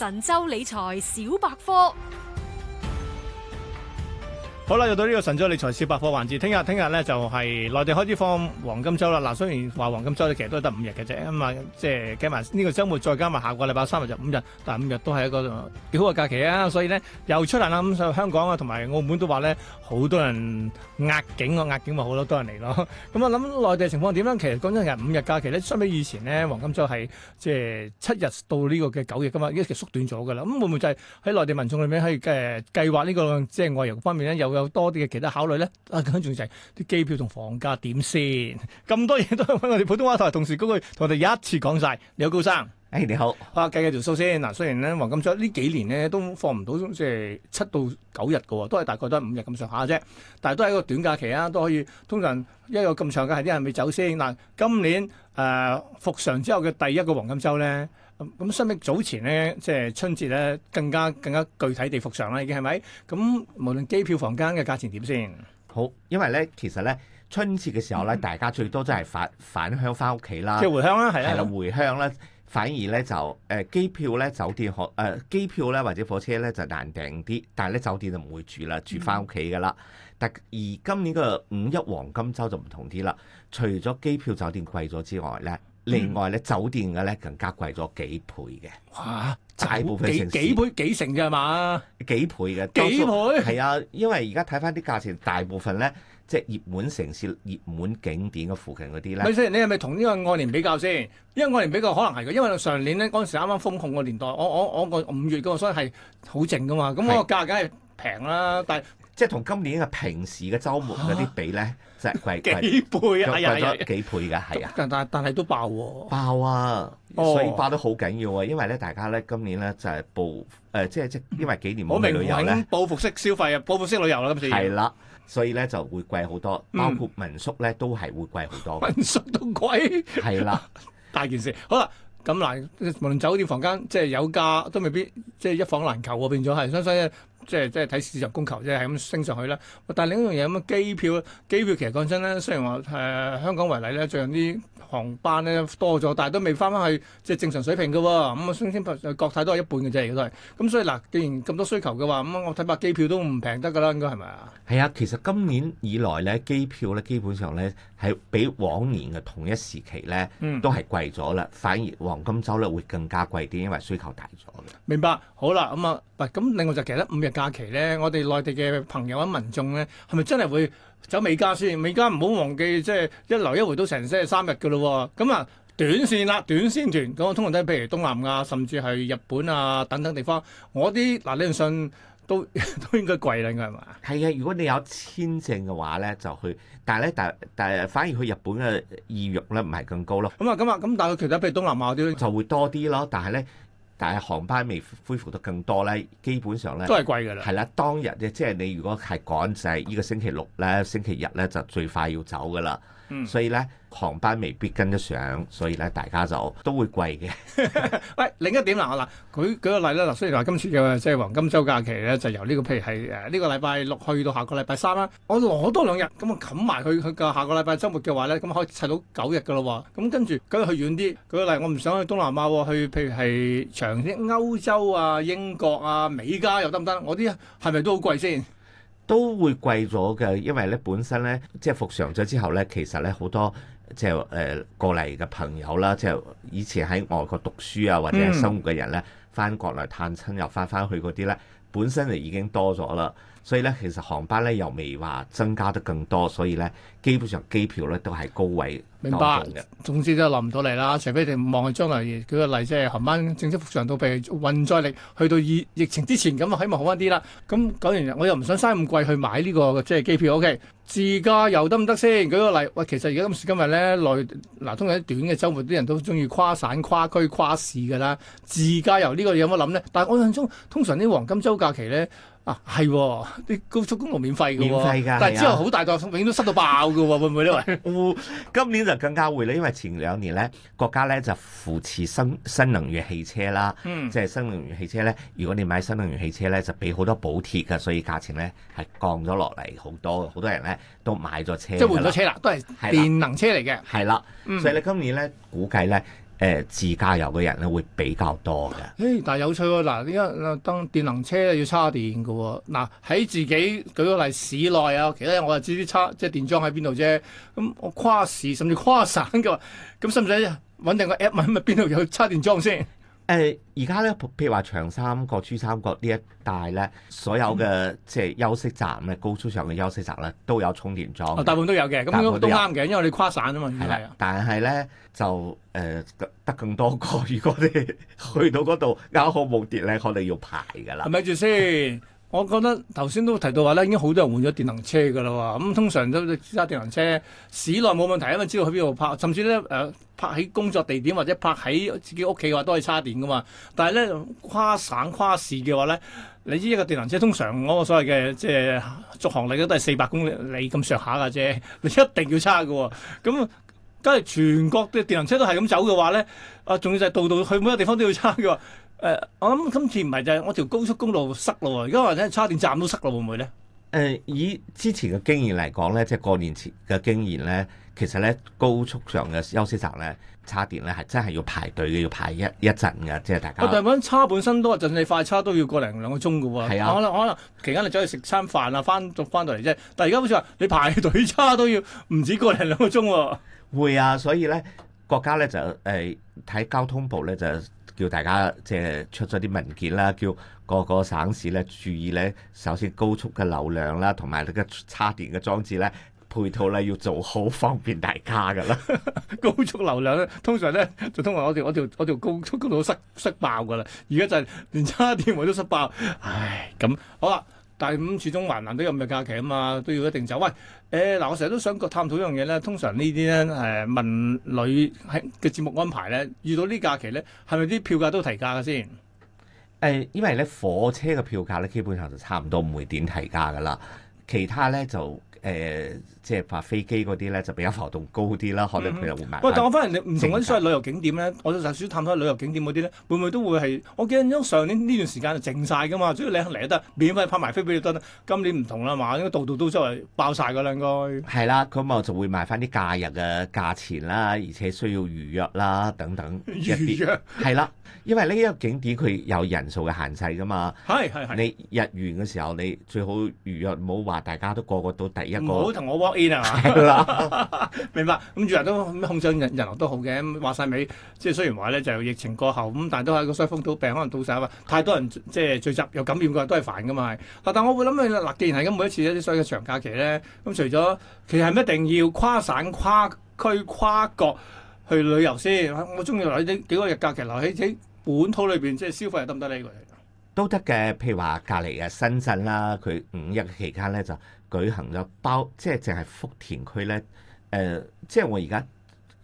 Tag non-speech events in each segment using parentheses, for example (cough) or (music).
神州理財小百科。好啦，又到呢個神州理財小百科環節，聽日聽日咧就係、是、內地開始放黃金周啦。嗱、啊，雖然話黃金周其實都係得五日嘅啫，咁啊即係計埋呢個周末，再加埋下個禮拜三日就五日，但係五日都係一個幾好嘅假期啊！所以咧又出嚟啦，咁香港啊同埋澳門都話咧，好多人壓境，壓境咪好多多人嚟咯。咁我諗內地情況點咧？其實講緊係五日假期咧，相比以前咧黃金周係即係七日到呢、這個嘅九日噶嘛，已經縮短咗㗎啦。咁、嗯、會唔會就係喺內地民眾裏面可以計劃呢、這個即係外遊方面咧有？有多啲嘅其他考慮咧？啊，更重要就係啲機票同房價點先，咁多嘢都揾我哋普通話台同時過去同我哋一次講晒你李高生。誒，hey, 你好！我計計條數先嗱，雖然咧黃金周呢幾年咧都放唔到即係七到九日嘅喎，都係大概都係五日咁上下啫。但係都係一個短假期啊，都可以通常因為有咁長假期，啲人未走先嗱。今年誒、呃、復常之後嘅第一個黃金周咧，咁相比早前咧，即係春節咧更加更加具體地復常啦，已經係咪？咁無論機票、房間嘅價錢點先好，因為咧其實咧春節嘅時候咧，大家最多都係返返鄉翻屋企啦，即係回鄉啦，係啦的，回鄉啦。反而咧就誒、呃、機票咧酒店可誒、呃、機票咧或者火車咧就難訂啲，但係咧酒店就唔會住啦，住翻屋企噶啦。但、嗯、而今年個五一黃金周就唔同啲啦，除咗機票酒店貴咗之外咧，嗯、另外咧酒店嘅咧更加貴咗幾倍嘅。哇！大部分幾幾倍幾成嘅係嘛？幾倍嘅？幾倍？係啊，多數，因為而家睇翻啲價錢，大部分咧。即係熱門城市、熱門景點嘅附近嗰啲咧，女士，你係咪同呢個愛年比較先？因為愛年比較可能係嘅，因為上年咧嗰陣時啱啱封控個年代，我我我個五月嘅，所以係好靜嘅嘛，咁嗰是個價梗係平啦。但係即係同今年嘅平時嘅周末嗰啲比咧，就係、啊、貴，貴，貴，貴，貴幾倍、哎哎、啊！幾倍嘅係啊！但但但係都爆喎，爆啊！所以爆得好緊要啊，因為咧大家咧今年咧就係報誒，即係即因為幾年冇、嗯、明旅遊咧，報復式消費、報復式旅遊啦，今次係啦。所以呢就會貴好多，包括民宿呢都係會貴好多、嗯。民宿都貴，係啦， (laughs) 大件事。好啦，咁嗱，無論酒店房間即係、就是、有價都未必，即、就、係、是、一房難求喎、啊，變咗係，所以。即係即係睇市場供求即係咁升上去啦。但係另一樣嘢咁啊，機票機票其實講真咧，雖然話誒香港為例咧，最近啲航班咧多咗，但係都未翻返去即係正常水平嘅喎。咁啊，升升幅國泰都係一半嘅啫，而家都係。咁所以嗱，既然咁多需求嘅話，咁我睇白機票都唔平得㗎啦，應該係咪啊？係啊，其實今年以來咧，機票咧基本上咧係比往年嘅同一時期咧都係貴咗啦。反而黃金周咧會更加貴啲，因為需求大咗。明白。好啦，咁啊，咁另外就其實五日假期咧，我哋內地嘅朋友啊、民眾咧，係咪真係會走美加先？美加唔好忘記，即係一來一回都成星期三日嘅咯。咁啊，短線啦、啊，短線團咁我通常都譬如東南亞甚至係日本啊等等地方，我啲嗱，你信都都應該貴啦，應該係嘛？係啊，如果你有簽證嘅話咧，就去。但係咧，但但係反而去日本嘅意欲咧，唔係咁高咯。咁啊，咁啊，咁但係佢其實譬如東南亞啲就會多啲咯。但係咧。但係航班未恢復得更多咧，基本上咧都係貴㗎啦。係啦，當日咧，即係你如果係趕，就係呢個星期六咧、星期日咧就最快要走㗎啦。嗯。所以咧。航班未必跟得上，所以咧大家就都會貴嘅。喂 (laughs) (laughs) 另一點啦，嗱舉舉個例啦，嗱雖然話今次嘅即係黃金週假期咧，就是、由呢、呢個譬如係誒呢個禮拜六去到下個禮拜三啦，我攞多兩日咁啊冚埋佢佢個下個禮拜周末嘅話咧，咁可以砌到九日噶咯喎。咁跟住，咁去遠啲，舉個例，我唔想去東南亞，去譬如係長啲歐洲啊、英國啊、美加又得唔得？我啲係咪都好貴先？都會貴咗嘅，因為咧本身咧即係復常咗之後咧，其實咧好多即係誒過嚟嘅朋友啦，即係以前喺外國讀書啊或者係生活嘅人咧，返國內探親又返返去嗰啲咧，本身就已經多咗啦。所以呢，其實航班呢又未話增加得更多，所以呢，基本上機票呢都係高位，明白。總之都落唔到嚟啦，除非你望係將來舉個例，即係航班正式復常到被運載力去到疫疫情之前咁，希望好翻啲啦。咁講完，我又唔想嘥咁貴去買呢、呢個即係機票。O、OK, K，自駕遊得唔得先？舉個例，喂，其實而家今時今日呢，內嗱、啊、通常短嘅周末啲人都中意跨省、跨區、跨市嘅啦。自駕遊呢個有乜諗呢？但係我印象中，通常啲黃金週假期呢。啊，係喎，啲高速公路免費嘅，免費㗎，但係之後好大個，永遠都塞到爆嘅喎， (laughs) 會唔會咧？今年就更加會啦，因為前兩年咧，國家咧就扶持新新能源汽車啦，即係、嗯、新能源汽車咧，如果你買新能源汽車咧，就俾好多補貼嘅，所以價錢咧係降咗落嚟好多，好多人咧都買咗車了，即係換咗車啦，都係電能車嚟嘅，係啦的，嗯、所以你今年咧估計咧。誒自駕遊嘅人咧會比較多嘅。誒、哎，但係有趣喎、哦，嗱，依家當電能車要插電嘅喎、哦。嗱，喺自己舉個例市內啊，其實我就知啲叉，即係電樁喺邊度啫。咁、嗯、我跨市甚至跨省嘅，咁使唔使揾定個 app 問一問邊度有插電樁先？誒，而家咧，譬如話長三角、珠三角呢一帶咧，所有嘅即係休息站咧，高速上嘅休息站咧，都有充電樁、哦。大部分都有嘅，咁都啱嘅，因為你跨省啊嘛。係啊吧。吧但係咧就誒、呃、得更多個，如果你去到嗰度，啱好冇電咧，可能要排噶啦。係咪住先？ (laughs) 我覺得頭先都提到話咧，已經好多人換咗電能車㗎啦喎。咁、嗯、通常都揸電能車市內冇問題，因為知道去邊度泊，甚至咧誒、呃、泊喺工作地點或者泊喺自己屋企嘅話，都可以叉電㗎嘛。但係咧跨省跨市嘅話咧，你知一個電能車通常嗰個所謂嘅即係續航力都係四百公里咁上下㗎啫，你一定要叉㗎喎。咁梗係全國嘅電能車都係咁走嘅話咧，啊，仲要就係到到去每個地方都要叉㗎喎。誒、呃，我諗今次唔係就係、是、我條高速公路塞咯喎，而家或者叉電站都塞咯，會唔會咧？誒、呃，以之前嘅經驗嚟講咧，即係過年前嘅經驗咧，其實咧高速上嘅休息站咧，叉電咧係真係要排隊嘅，要排一一陣嘅，即係大家。但係講叉本身都多陣，你快叉都要個零兩個鐘嘅喎。係啊，可能可能期間你走去食餐飯啊，翻翻到嚟啫。但係而家好似話你排隊叉都要唔止個零兩個鐘喎。會啊，所以咧。國家咧就誒睇交通部咧就叫大家即係出咗啲文件啦，叫各個省市咧注意咧，首先高速嘅流量啦，同埋你嘅叉電嘅裝置咧配套咧要做好，方便大家噶啦。高速流量咧，通常咧就通常我條我條，我條高速公路塞塞爆噶啦，而家就係連叉電位都塞爆，唉咁好啦。但係咁，始終還難到有咁嘅假期啊嘛，都要一定走。喂，誒、呃、嗱，我成日都想探討一樣嘢咧。通常呢啲咧誒文旅喺嘅節目安排咧，遇到呢啲假期咧，係咪啲票價都提價㗎先？誒、欸，因為咧火車嘅票價咧，基本上就差唔多，唔會點提價噶啦。其他咧就。誒，即係拍飛機嗰啲咧，就比較浮動高啲啦，可能佢又會賣。喂，但我反而你唔同嗰啲所謂旅遊景點咧，妥我就特少探討旅遊景點嗰啲咧，會唔會都會係？我記得上年呢段時間就靜晒噶嘛，只要你肯嚟得，免費拍埋飛俾你得。今年唔同啦嘛，應該度度都周圍爆晒噶啦，應該、啊。係啦，咁我就會賣翻啲假日嘅價錢啦，而且需要預約啦等等。預約係啦，啊、因為呢一個景點佢有人數嘅限制噶嘛。係係係。你日完嘅時候，你最好預約，唔好話大家都個個都第。唔好同我 walk in 啊！是的 (laughs) 明白咁，任何人都控制人人流都好嘅。話晒尾，即係雖然話咧，就疫情過後咁，但係都係個西風土病可能到晒。啊！太多人即係聚集又感染過，都係煩噶嘛，但我會諗起嗱，既然係咁，每一次咧，所有嘅長假期咧，咁除咗，其實係咪一定要跨省、跨區、跨國去旅遊先？我中意留喺啲幾個日假期，留喺本土裏邊，即係消費又得唔得呢？個都得嘅，譬如話隔籬啊，深圳啦，佢五一期間咧就。舉行咗包，即係淨係福田區咧。誒、呃、即係我而家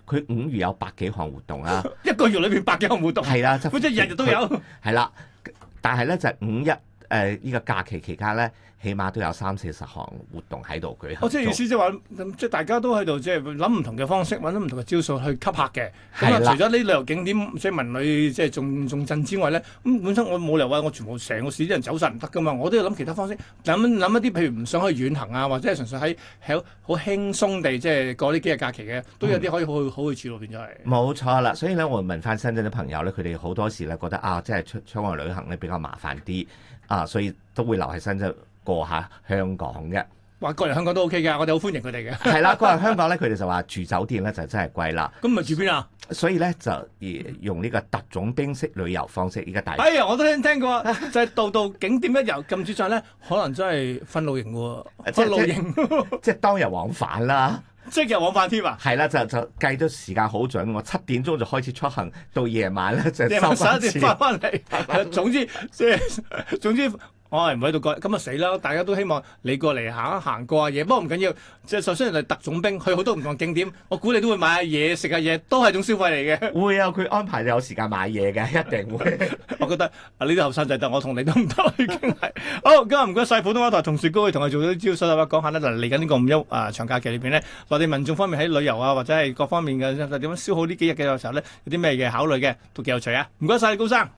佢五月有百幾項活動啦、啊， (laughs) 一個月裏面百幾項活動，係啦、啊，即係日日都有，係啦、啊啊。但係咧就係五一。誒依、呃這個假期期間咧，起碼都有三四十項活動喺度舉行。即係、 (noise) 呃、意思即係話，即係大家都喺度，即係諗唔同嘅方式，揾唔同嘅招數去吸客嘅。係啦。除咗呢旅遊景點即係文旅即係重重鎮之外咧，咁本身我冇理由話我全部成個市啲人走晒唔得噶嘛，我都要諗其他方式，諗諗一啲譬如唔想去遠行啊，或者係純粹喺好輕鬆地即係過呢幾日假期嘅，都有啲可以去好去處，變咗係。冇、嗯、錯啦，所以咧我問翻深圳啲朋友咧，佢哋好多時咧覺得啊，即、就、係、是、出出外旅行咧比較麻煩啲。啊，所以都會留喺深圳過下香港嘅。哇，過嚟香港都 OK 嘅，我哋好歡迎佢哋嘅。係 (laughs) 啦，過嚟香港咧，佢哋就話住酒店咧就真係貴啦。咁咪 (laughs) 住邊啊？所以咧就以用呢個特種兵式旅遊方式。依家大約哎呀，我都聽聽過， (laughs) 就到到景點一遊咁之上咧，可能真係分路營喎，分路營，即係當日往返啦。即日往返添啊！係啦，就就計到時間好準，我七點鐘就開始出行，到夜晚咧就十一點翻翻嚟。 (laughs) 總之，總之。 (laughs) 總之我係唔喺度過，咁啊死啦！大家都希望你過嚟，吓行過啊嘢，不過唔緊要。即係首先人哋特種兵，去好多唔同嘅景點，我估你都會買下嘢食下嘢，都係種消費嚟嘅。會啊，佢安排你有時間買嘢嘅，一定會。我覺得啊，呢啲後生仔得我同你都唔得，已經係好。今日唔該晒普通話台同事高，同我做咗啲招數啦，講下咧嗱，嚟緊呢個五一啊長假期裏邊咧，內地民眾方面喺旅遊啊或者係各方面嘅點樣消耗呢幾日嘅時候咧，有啲咩嘅考慮嘅，都幾有趣啊！唔該晒，高生。